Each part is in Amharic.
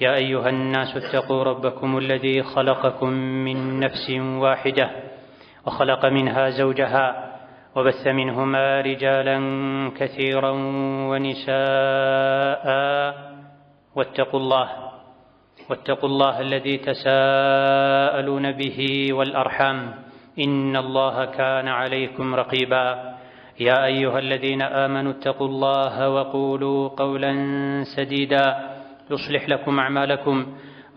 يا ايها الناس اتقوا ربكم الذي خلقكم من نفس واحده وخلق منها زوجها وبث منهما رجالا كثيرا ونساء واتقوا الله واتقوا الله الذي تساءلون به والارحام ان الله كان عليكم رقيبا يا ايها الذين امنوا اتقوا الله وقولوا قولا سديدا يصلح لكم أعمالكم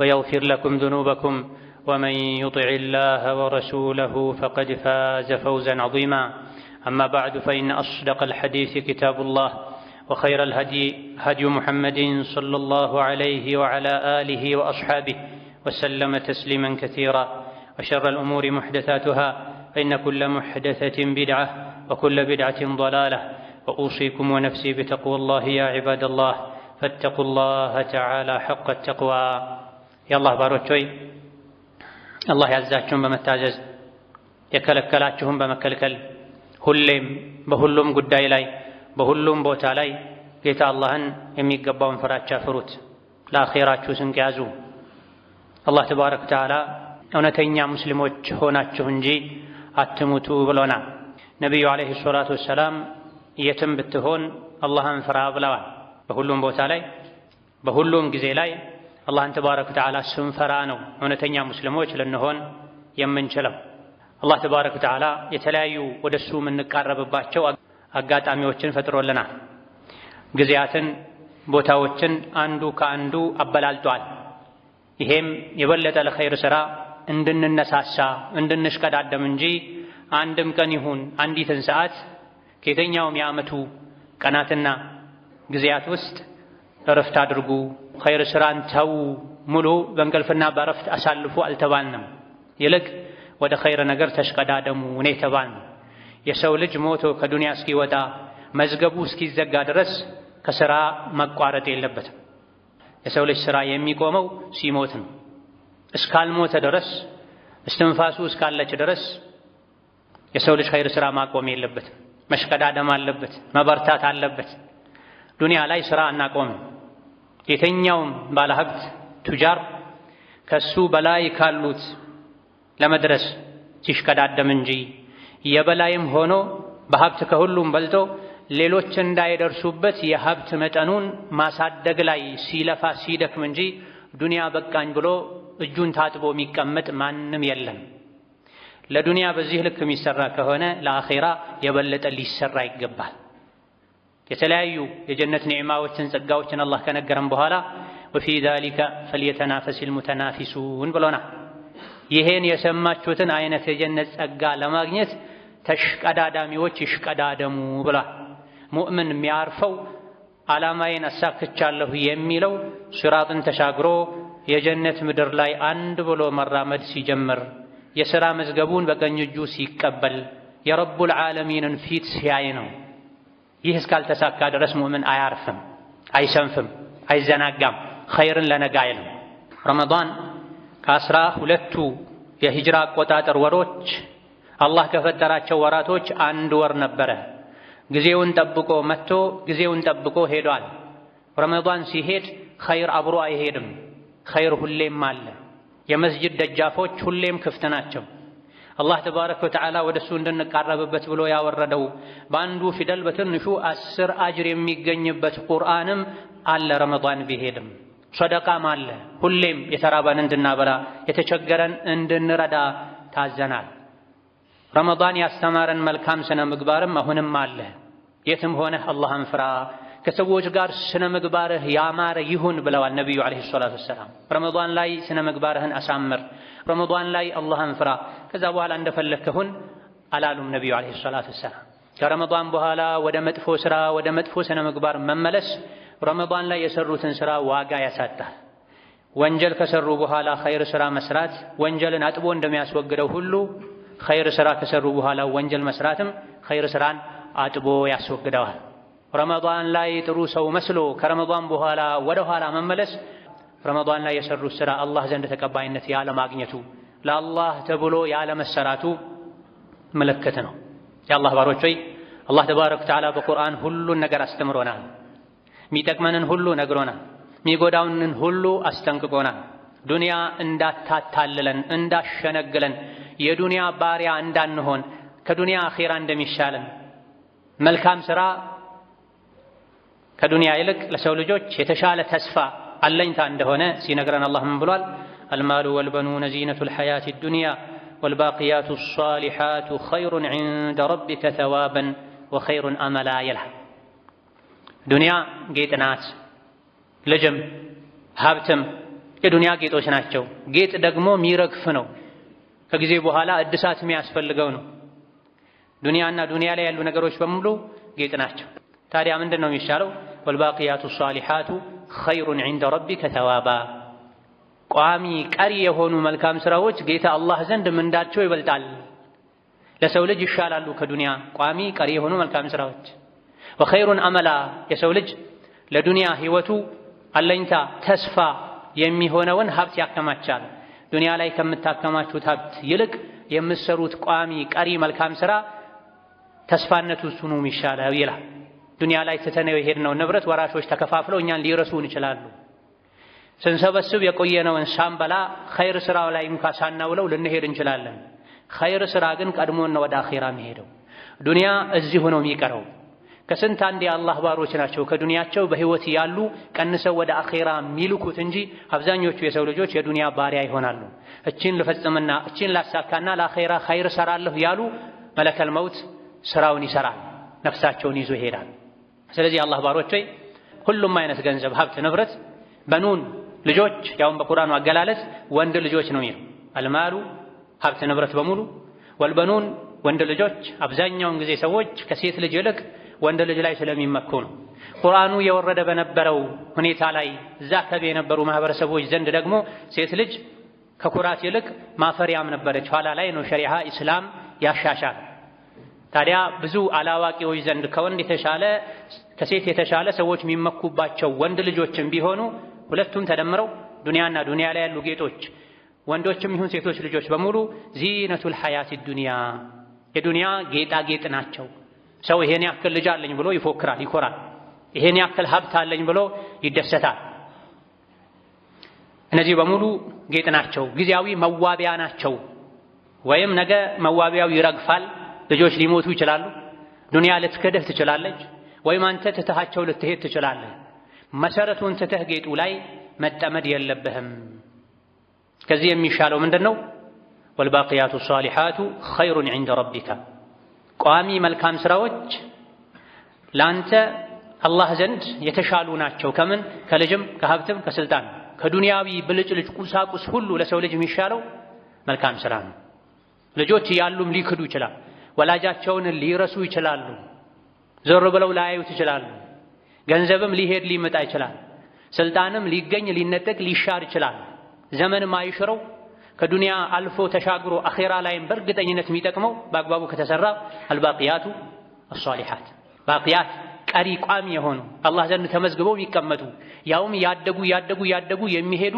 ويغفر لكم ذنوبكم ومن يطع الله ورسوله فقد فاز فوزا عظيما أما بعد فإن أصدق الحديث كتاب الله وخير الهدي هدي محمد صلى الله عليه وعلى آله وأصحابه وسلم تسليما كثيرا وشر الأمور محدثاتها فإن كل محدثة بدعة وكل بدعة ضلالة وأوصيكم ونفسي بتقوى الله يا عباد الله فاتقوا الله تعالى حق التقوى يا الله باروتشوي الله يعزاكم بما تاجز يكلكلاتهم بما كلكل هلم بهلم قد إلي بهلم بوت علي جيت الله أن يمي قبهم فرات شافروت لا خيرات شو سنكازو الله تبارك وتعالى أنا تنيا مسلموت هنا تشونجي أتموتوا بلونا نبي عليه الصلاة والسلام يتم بالتهون الله أنفرا بلوان በሁሉም ቦታ ላይ በሁሉም ጊዜ ላይ አላህን ተባረከ ወተዓላ ስንፈራ ነው እውነተኛ ሙስሊሞች ልንሆን የምንችለው። አላህ ተባረከ ወተዓላ የተለያዩ ወደሱ የምንቃረብባቸው አጋጣሚዎችን ፈጥሮልናል። ጊዜያትን፣ ቦታዎችን አንዱ ከአንዱ አበላልጧል። ይሄም የበለጠ ለኸይር ሥራ እንድንነሳሳ እንድንሽቀዳደም እንጂ አንድም ቀን ይሁን አንዲትን ሰዓት ከየትኛውም የዓመቱ ቀናትና ጊዜያት ውስጥ እረፍት አድርጉ፣ ኸይር ስራን ተዉ፣ ሙሉ በእንቅልፍና በእረፍት አሳልፉ አልተባልንም። ይልቅ ወደ ኸይር ነገር ተሽቀዳደሙ እኔ ተባልን። የሰው ልጅ ሞቶ ከዱንያ እስኪወጣ መዝገቡ እስኪዘጋ ድረስ ከስራ መቋረጥ የለበትም። የሰው ልጅ ስራ የሚቆመው ሲሞት ነው። እስካልሞተ ድረስ እስትንፋሱ እስካለች ድረስ የሰው ልጅ ኸይር ስራ ማቆም የለበትም። መሽቀዳደም አለበት፣ መበርታት አለበት። ዱንያ ላይ ስራ አናቆምም። የተኛውም ባለሀብት ቱጃር ከሱ በላይ ካሉት ለመድረስ ሲሽቀዳደም እንጂ የበላይም ሆኖ በሀብት ከሁሉም በልጦ ሌሎች እንዳይደርሱበት የሀብት መጠኑን ማሳደግ ላይ ሲለፋ ሲደክም እንጂ ዱንያ በቃኝ ብሎ እጁን ታጥቦ የሚቀመጥ ማንም የለም። ለዱንያ በዚህ ልክ የሚሰራ ከሆነ ለአኼራ የበለጠ ሊሰራ ይገባል። የተለያዩ የጀነት ኒዕማዎችን ጸጋዎችን አላህ ከነገረን በኋላ ወፊ ዛሊከ ፈልየተናፈሲል ሙተናፊሱን ብሎና ይሄን የሰማችሁትን አይነት የጀነት ጸጋ ለማግኘት ተሽቀዳዳሚዎች ይሽቀዳደሙ ብሏል። ሙእምን የሚያርፈው ዓላማዬን አሳክቻለሁ የሚለው ሲራጥን ተሻግሮ የጀነት ምድር ላይ አንድ ብሎ መራመድ ሲጀምር፣ የሥራ መዝገቡን በቀኝ እጁ ሲቀበል፣ የረቡል ዓለሚንን ፊት ሲያይ ነው። ይህ እስካልተሳካ ድረስ ሙእምን አያርፍም፣ አይሰንፍም፣ አይዘናጋም፣ ኸይርን ለነጋ አይልም። ረመዳን ከአስራ ሁለቱ የሂጅራ አቆጣጠር ወሮች አላህ ከፈጠራቸው ወራቶች አንድ ወር ነበረ። ጊዜውን ጠብቆ መጥቶ ጊዜውን ጠብቆ ሄዷል። ረመዳን ሲሄድ ኸይር አብሮ አይሄድም። ኸይር ሁሌም አለ። የመስጅድ ደጃፎች ሁሌም ክፍት ናቸው። አላህ ተባረከ ወተዓላ ወደ እሱ እንድንቃረብበት ብሎ ያወረደው በአንዱ ፊደል በትንሹ አስር አጅር የሚገኝበት ቁርአንም አለ። ረመዳን ቢሄድም ሰደቃም አለ። ሁሌም የተራበን እንድናበላ የተቸገረን እንድንረዳ ታዘናል። ረመዳን ያስተማረን መልካም ስነ ምግባርም አሁንም አለ። የትም ሆነህ አላህን ፍራ፣ ከሰዎች ጋር ስነ ምግባርህ ያማረ ይሁን ብለዋል ነቢዩ ዓለይሂ ሰላቱ ወሰላም። ረመዳን ላይ ስነ ምግባርህን አሳምር ረመዷን ላይ አላህን ፍራ፣ ከዛ በኋላ እንደፈለግክ ሁን አላሉም ነቢዩ ዓለይሂ ሰላቱ ወሰላም። ከረመዷን በኋላ ወደ መጥፎ ስራ ወደ መጥፎ ስነ ምግባር መመለስ ረመዷን ላይ የሰሩትን ስራ ዋጋ ያሳጣል። ወንጀል ከሰሩ በኋላ ኸይር ስራ መስራት ወንጀልን አጥቦ እንደሚያስወግደው ሁሉ ኸይር ስራ ከሰሩ በኋላ ወንጀል መስራትም ኸይር ስራን አጥቦ ያስወግደዋል። ረመዷን ላይ ጥሩ ሰው መስሎ ከረመዷን በኋላ ወደ ኋላ መመለስ ረመዷን ላይ የሰሩት ሥራ አላህ ዘንድ ተቀባይነት ያለማግኘቱ ለአላህ ተብሎ ያለመሰራቱ ምልክት ነው። የአላህ ባሮች ሆይ አላህ ተባረከ ወተዓላ በቁርአን ሁሉን ነገር አስተምሮናል። የሚጠቅመንን ሁሉ ነግሮናል። የሚጎዳውንን ሁሉ አስጠንቅቆናል። ዱንያ እንዳታታልለን፣ እንዳሸነግለን፣ የዱንያ ባሪያ እንዳንሆን፣ ከዱንያ አኼራ እንደሚሻለን መልካም ሥራ ከዱንያ ይልቅ ለሰው ልጆች የተሻለ ተስፋ አለኝታ እንደሆነ ሲነግረን አላህ ምን ብሏል? አልማሉ ወልበኑነ ዚነቱል ሐያቲ ዱንያ ወልባቂያቱ ሷሊሓቱ ኸይሩን ዒንደ ረቢከ ተዋበን ወኸይሩን አመላ ይልሃል። ዱንያ ጌጥ ናት። ልጅም ሀብትም የዱንያ ጌጦች ናቸው። ጌጥ ደግሞ የሚረግፍ ነው። ከጊዜ በኋላ እድሳት የሚያስፈልገው ነው። ዱንያና ዱንያ ላይ ያሉ ነገሮች በሙሉ ጌጥ ናቸው። ታዲያ ምንድን ነው የሚሻለው? ወልባቂያቱ ሷሊሓቱ ኸይሩን ዒንደ ረቢከ ተዋባ ቋሚ ቀሪ የሆኑ መልካም ሥራዎች ጌታ አላህ ዘንድ ምንዳቸው ይበልጣል፣ ለሰው ልጅ ይሻላሉ ከዱንያ ቋሚ ቀሪ የሆኑ መልካም ሥራዎች። ወኸይሩን አመላ የሰው ልጅ ለዱንያ ሕይወቱ አለኝታ ተስፋ የሚሆነውን ሀብት ያከማቻል። ዱንያ ላይ ከምታከማቹት ሀብት ይልቅ የምትሰሩት ቋሚ ቀሪ መልካም ሥራ ተስፋነቱ ሱኑም ይሻላል ይላል። ዱንያ ላይ ትተነው የሄድነው ንብረት ወራሾች ተከፋፍለው እኛን ሊረሱን ይችላሉ። ስንሰበስብ የቆየነውን ሳንበላ ኸይር ስራ ላይ እንኳ ሳናውለው ልንሄድ እንችላለን። ኸይር ስራ ግን ቀድሞን ነው ወደ አኼራ የሚሄደው። ዱንያ እዚሁ ነው የሚቀረው። ከስንት አንድ የአላህ ባሮች ናቸው ከዱንያቸው በህይወት ያሉ ቀንሰው ወደ አኼራ የሚልኩት እንጂ አብዛኞቹ የሰው ልጆች የዱንያ ባሪያ ይሆናሉ። እቺን ልፈጽምና እቺን ላሳካና ለአኼራ ኸይር ሰራለሁ ያሉ መለከል መውት ስራውን ይሰራል፣ ነፍሳቸውን ይዞ ይሄዳል። ስለዚህ የአላህ ባሮች ሆይ ሁሉም አይነት ገንዘብ፣ ሀብት፣ ንብረት በኑን ልጆች ያውም በቁርአኑ አገላለጽ ወንድ ልጆች ነው የሚለው አልማሉ ሀብት ንብረት በሙሉ ወልበኑን ወንድ ልጆች አብዛኛውን ጊዜ ሰዎች ከሴት ልጅ ይልቅ ወንድ ልጅ ላይ ስለሚመኩ ነው። ቁርአኑ የወረደ በነበረው ሁኔታ ላይ እዛ አካባቢ የነበሩ ማህበረሰቦች ዘንድ ደግሞ ሴት ልጅ ከኩራት ይልቅ ማፈሪያም ነበረች። ኋላ ላይ ነው ሸሪዓ ኢስላም ያሻሻል ታዲያ ብዙ አላዋቂዎች ዘንድ ከወንድ የተሻለ ከሴት የተሻለ ሰዎች የሚመኩባቸው ወንድ ልጆችም ቢሆኑ ሁለቱም ተደምረው ዱንያና ዱንያ ላይ ያሉ ጌጦች ወንዶችም ይሁን ሴቶች ልጆች በሙሉ ዚነቱል ሐያት ዱንያ የዱንያ ጌጣጌጥ ናቸው። ሰው ይሄን ያክል ልጅ አለኝ ብሎ ይፎክራል፣ ይኮራል። ይሄን ያክል ሀብት አለኝ ብሎ ይደሰታል። እነዚህ በሙሉ ጌጥ ናቸው፣ ጊዜያዊ መዋቢያ ናቸው። ወይም ነገ መዋቢያው ይረግፋል ልጆች ሊሞቱ ይችላሉ። ዱንያ ልትክድህ ትችላለች። ወይም አንተ ትተሃቸው ልትሄድ ትችላለህ። መሰረቱን ትተህ ጌጡ ላይ መጠመድ የለብህም። ከዚህ የሚሻለው ምንድን ነው? ወልባቅያቱ ሷሊሓቱ ኸይሩን ዒንደ ረቢካ፣ ቋሚ መልካም ስራዎች ለአንተ አላህ ዘንድ የተሻሉ ናቸው። ከምን ከልጅም ከሀብትም ከስልጣን ከዱንያዊ ብልጭልጭ ቁሳቁስ ሁሉ ለሰው ልጅ የሚሻለው መልካም ስራ ነው። ልጆች እያሉም ሊክዱ ይችላል። ወላጃቸውን ሊረሱ ይችላሉ። ዞር ብለው ላያዩት ይችላሉ። ገንዘብም ሊሄድ ሊመጣ ይችላል። ስልጣንም ሊገኝ ሊነጠቅ ሊሻር ይችላል። ዘመንም አይሽረው ከዱንያ አልፎ ተሻግሮ አኼራ ላይም በእርግጠኝነት የሚጠቅመው በአግባቡ ከተሰራ አልባቅያቱ አሷሊሓት ባቅያት ቀሪ ቋሚ የሆኑ አላህ ዘንድ ተመዝግበው የሚቀመጡ ያውም ያደጉ ያደጉ ያደጉ የሚሄዱ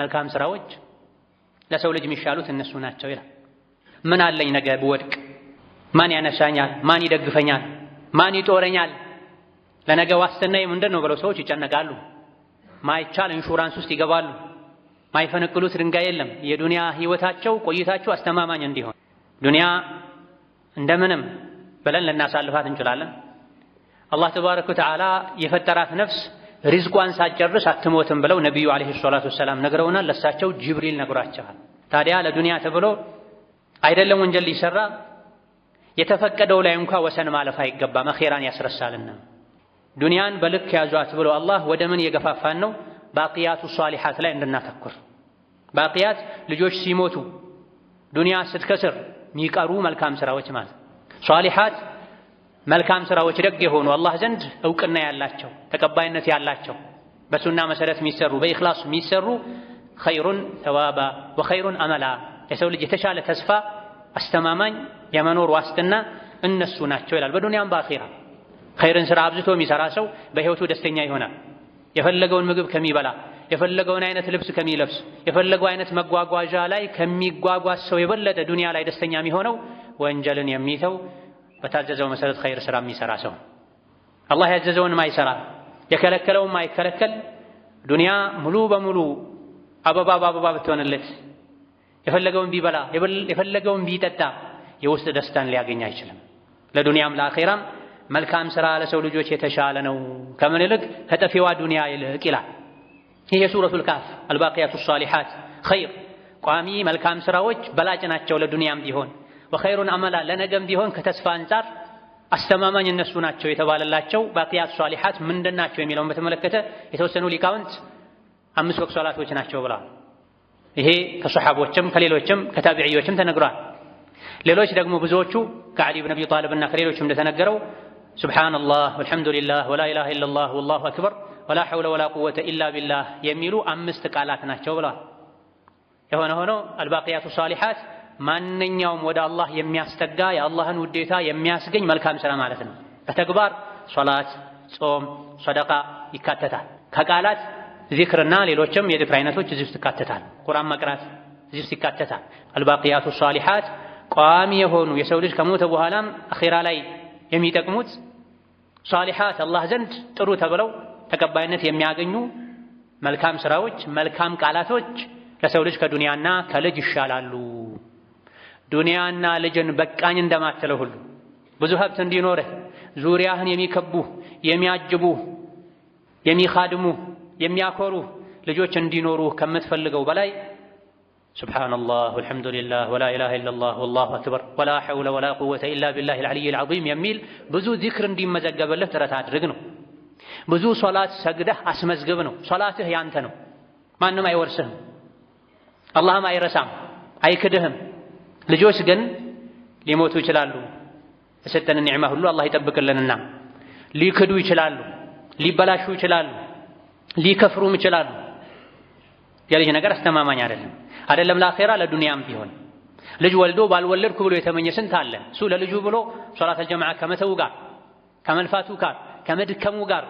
መልካም ስራዎች ለሰው ልጅ የሚሻሉት እነሱ ናቸው ይላል። ምን አለኝ ነገ ብወድቅ ማን ያነሳኛል? ማን ይደግፈኛል? ማን ይጦረኛል? ለነገ ዋስትና ምንድን ነው ብለው ሰዎች ይጨነቃሉ። ማይቻል ኢንሹራንስ ውስጥ ይገባሉ። ማይፈነቅሉት ድንጋይ የለም። የዱንያ ህይወታቸው ቆይታቸው አስተማማኝ እንዲሆን ዱንያ እንደምንም ብለን ልናሳልፋት እንችላለን። አላህ ተባረከ ወተዓላ የፈጠራት ነፍስ ሪዝቋን ሳትጨርስ አትሞትም ብለው ነቢዩ ዓለይሂ ሰላቱ ወሰላም ነግረውናል። ለሳቸው ጅብሪል ነግሯቸዋል። ታዲያ ለዱንያ ተብሎ አይደለም ወንጀል ሊሰራ የተፈቀደው ላይ እንኳ ወሰን ማለፍ አይገባም፣ አኼራን ያስረሳልና። ዱንያን በልክ ያዟት ብሎ አላህ ወደ ምን የገፋፋን ነው? ባቂያቱ ሷሊሓት ላይ እንድናተኩር። ባቂያት ልጆች ሲሞቱ ዱንያ ስትከስር የሚቀሩ መልካም ስራዎች ማለት። ሷሊሓት መልካም ስራዎች ደግ የሆኑ አላህ ዘንድ እውቅና ያላቸው ተቀባይነት ያላቸው በሱና መሰረት የሚሰሩ በኢኽላስ የሚሰሩ ኸይሩን ተዋባ ወኸይሩን አመላ የሰው ልጅ የተሻለ ተስፋ አስተማማኝ የመኖር ዋስትና እነሱ ናቸው ይላል። በዱንያም በአኼራ ኸይርን ስራ አብዝቶ የሚሰራ ሰው በህይወቱ ደስተኛ ይሆናል። የፈለገውን ምግብ ከሚበላ፣ የፈለገውን አይነት ልብስ ከሚለብስ፣ የፈለገው አይነት መጓጓዣ ላይ ከሚጓጓዝ ሰው የበለጠ ዱንያ ላይ ደስተኛ የሚሆነው ወንጀልን የሚተው በታዘዘው መሰረት ኸይር ስራ የሚሰራ ሰው አላህ ያዘዘውን ማይሰራ የከለከለውን ማይከለከል ዱንያ ሙሉ በሙሉ አበባ በአበባ ብትሆንለት የፈለገውን ቢበላ የፈለገውን ቢጠጣ የውስጥ ደስታን ሊያገኝ አይችልም። ለዱንያም ለአኼራም መልካም ስራ ለሰው ልጆች የተሻለ ነው ከምን ይልቅ ከጠፊዋ ዱንያ ይልቅ ይላል። ይህ የሱረቱል ካፍ አልባቂያቱ ሷሊሓት ኸይር ቋሚ መልካም ስራዎች በላጭ ናቸው ለዱንያም ቢሆን ወኸይሩን አመላ ለነገም ቢሆን ከተስፋ አንጻር አስተማማኝ እነሱ ናቸው የተባለላቸው ባቂያት ሷሊሓት ምንድን ናቸው የሚለውን በተመለከተ የተወሰኑ ሊቃውንት አምስት ወቅት ሶላቶች ናቸው ብለዋል። ይሄ ከሰሓቦችም ከሌሎችም ከታቢዕዮችም ተነግሯል። ሌሎች ደግሞ ብዙዎቹ ከዓሊ ብን አቢ ጣልብና ከሌሎችም እንደተነገረው ሱብሓነላህ ወልሐምዱሊላህ ወላ ኢላሃ ኢለላህ ወላሁ አክበር ወላ ሐውለ ወላ ቁወተ ኢላ ቢላህ የሚሉ አምስት ቃላት ናቸው ብለዋል። የሆነ ሆኖ አልባቅያቱ ሷሊሓት ማንኛውም ወደ አላህ የሚያስጠጋ የአላህን ውዴታ የሚያስገኝ መልካም ሥራ ማለት ነው። በተግባር ሶላት፣ ጾም፣ ሰደቃ ይካተታል። ከቃላት ዚክርና ሌሎችም የዝክር አይነቶች እዚህ ውስጥ ይካተታል። ቁርአን መቅራት እዚህ ውስጥ ይካተታል። አልባቂያቱ ሷሊሓት ቋሚ የሆኑ የሰው ልጅ ከሞተ በኋላም አኼራ ላይ የሚጠቅሙት ሷሊሓት አላህ ዘንድ ጥሩ ተብለው ተቀባይነት የሚያገኙ መልካም ስራዎች፣ መልካም ቃላቶች ለሰው ልጅ ከዱንያና ከልጅ ይሻላሉ። ዱንያና ልጅን በቃኝ እንደማትለው ሁሉ ብዙ ሀብት እንዲኖርህ ዙሪያህን የሚከቡ የሚያጅቡ የሚኻድሙ የሚያኮሩ ልጆች እንዲኖሩ ከምትፈልገው በላይ ሱብሓነላህ ወልሐምዱሊላህ ወላ ኢላሃ ኢለላህ ወላሁ አክበር ወላ ሐውለ ወላ ቁወተ ኢላ ቢላሂል አልዓሊይል ዐዚም የሚል ብዙ ዚክር እንዲመዘገበልህ ጥረት አድርግ ነው። ብዙ ሶላት ሰግደህ አስመዝግብ ነው። ሶላትህ ያንተ ነው። ማንም አይወርስህም። አላህም አይረሳም፣ አይክድህም። ልጆች ግን ሊሞቱ ይችላሉ። የሰጠንን ኒዕማ ሁሉ አላህ ይጠብቅልንና ሊክዱ ይችላሉ፣ ሊበላሹ ይችላሉ። ሊከፍሩም ይችላሉ። የልጅ ነገር አስተማማኝ አይደለም። አይደለም ለአኼራ ለዱንያም ቢሆን ልጅ ወልዶ ባልወለድኩ ብሎ የተመኘ ስንት አለ። እሱ ለልጁ ብሎ ሶላት አልጀማዓ ከመተው ጋር ከመልፋቱ ጋር ከመድከሙ ጋር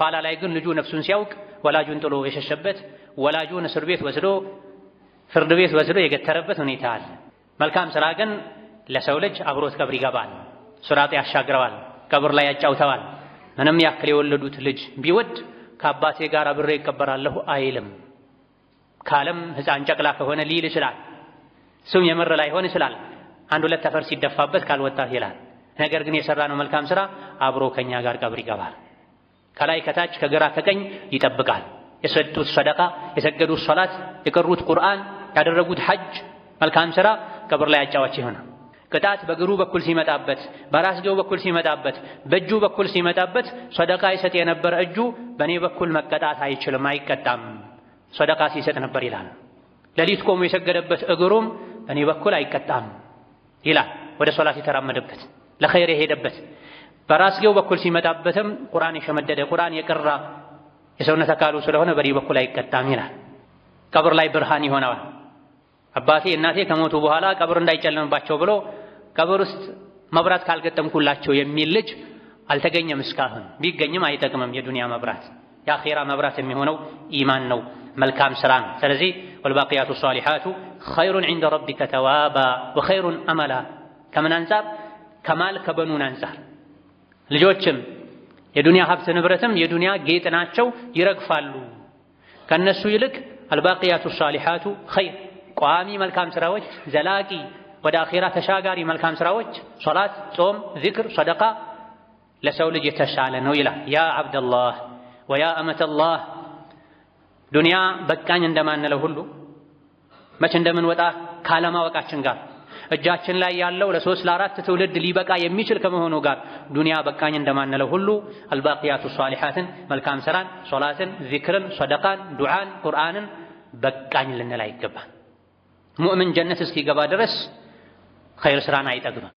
ኋላ ላይ ግን ልጁ ነፍሱን ሲያውቅ ወላጁን ጥሎ የሸሸበት ወላጁን እስር ቤት ወስዶ ፍርድ ቤት ወስዶ የገተረበት ሁኔታ አለ። መልካም ስራ ግን ለሰው ልጅ አብሮት ቀብር ይገባል፣ ሱራጥ ያሻግረዋል፣ ቀብር ላይ ያጫውተዋል። ምንም ያክል የወለዱት ልጅ ቢወድ ከአባቴ ጋር አብሬ ይቀበራለሁ አይልም። ካለም ሕፃን ጨቅላ ከሆነ ሊል ይችላል። እሱም የምር ላይሆን ይችላል። አንድ ሁለት አፈር ሲደፋበት ካልወጣ ይላል። ነገር ግን የሠራ ነው መልካም ሥራ አብሮ ከእኛ ጋር ቀብር ይገባል። ከላይ ከታች ከግራ ከቀኝ ይጠብቃል። የሰጡት ሰደቃ፣ የሰገዱት ሶላት፣ የቀሩት ቁርአን፣ ያደረጉት ሐጅ መልካም ሥራ ቀብር ላይ አጫዋች ይሆናል። ቅጣት በእግሩ በኩል ሲመጣበት፣ በራስጌው በኩል ሲመጣበት፣ በእጁ በኩል ሲመጣበት ሰደቃ ይሰጥ የነበረ እጁ በእኔ በኩል መቀጣት አይችልም አይቀጣም፣ ሰደቃ ሲሰጥ ነበር ይላል። ሌሊት ቆሞ የሰገደበት እግሩም በእኔ በኩል አይቀጣም ይላል። ወደ ሶላት የተራመደበት ለኸይር የሄደበት በራስጌው በኩል ሲመጣበትም ቁርአን የሸመደደ ቁርአን የቅራ የሰውነት አካሉ ስለሆነ በእኔ በኩል አይቀጣም ይላል። ቀብር ላይ ብርሃን ይሆነዋል። አባቴ እናቴ ከሞቱ በኋላ ቀብር እንዳይጨለምባቸው ብሎ ቀብር ውስጥ መብራት ካልገጠምኩላቸው የሚል ልጅ አልተገኘም እስካሁን። ቢገኝም አይጠቅምም። የዱንያ መብራት የአኼራ መብራት የሚሆነው ኢማን ነው፣ መልካም ስራ ነው። ስለዚህ ወልባቂያቱ ሷሊሓቱ ኸይሩን ዒንደ ረቢከ ተዋባ ወኸይሩን አመላ። ከምን አንጻር? ከማል ከበኑን አንጻር። ልጆችም የዱንያ ሀብት ንብረትም የዱንያ ጌጥ ናቸው፣ ይረግፋሉ። ከእነሱ ይልቅ አልባቂያቱ ሷሊሓቱ ኸይር ቋሚ መልካም ስራዎች ዘላቂ ወደ አኼራ ተሻጋሪ መልካም ስራዎች ሶላት፣ ጾም፣ ዚክር፣ ሰደቃ ለሰው ልጅ የተሻለ ነው ይላል። ያ አብደላህ ወያ አመተላህ ዱንያ በቃኝ እንደማንለው ሁሉ መች እንደምንወጣ ካለማወቃችን ጋር እጃችን ላይ ያለው ለሶስት ለአራት ትውልድ ሊበቃ የሚችል ከመሆኑ ጋር ዱንያ በቃኝ እንደማንለው ሁሉ አልባቂያቱ ሷሊሓትን መልካም ስራን፣ ሶላትን፣ ዚክርን፣ ሰደቃን፣ ዱዓን፣ ቁርአንን በቃኝ ልንል አይገባል። ሙእምን ጀነት እስኪገባ ድረስ ኸይር ስራን አይጠግብም።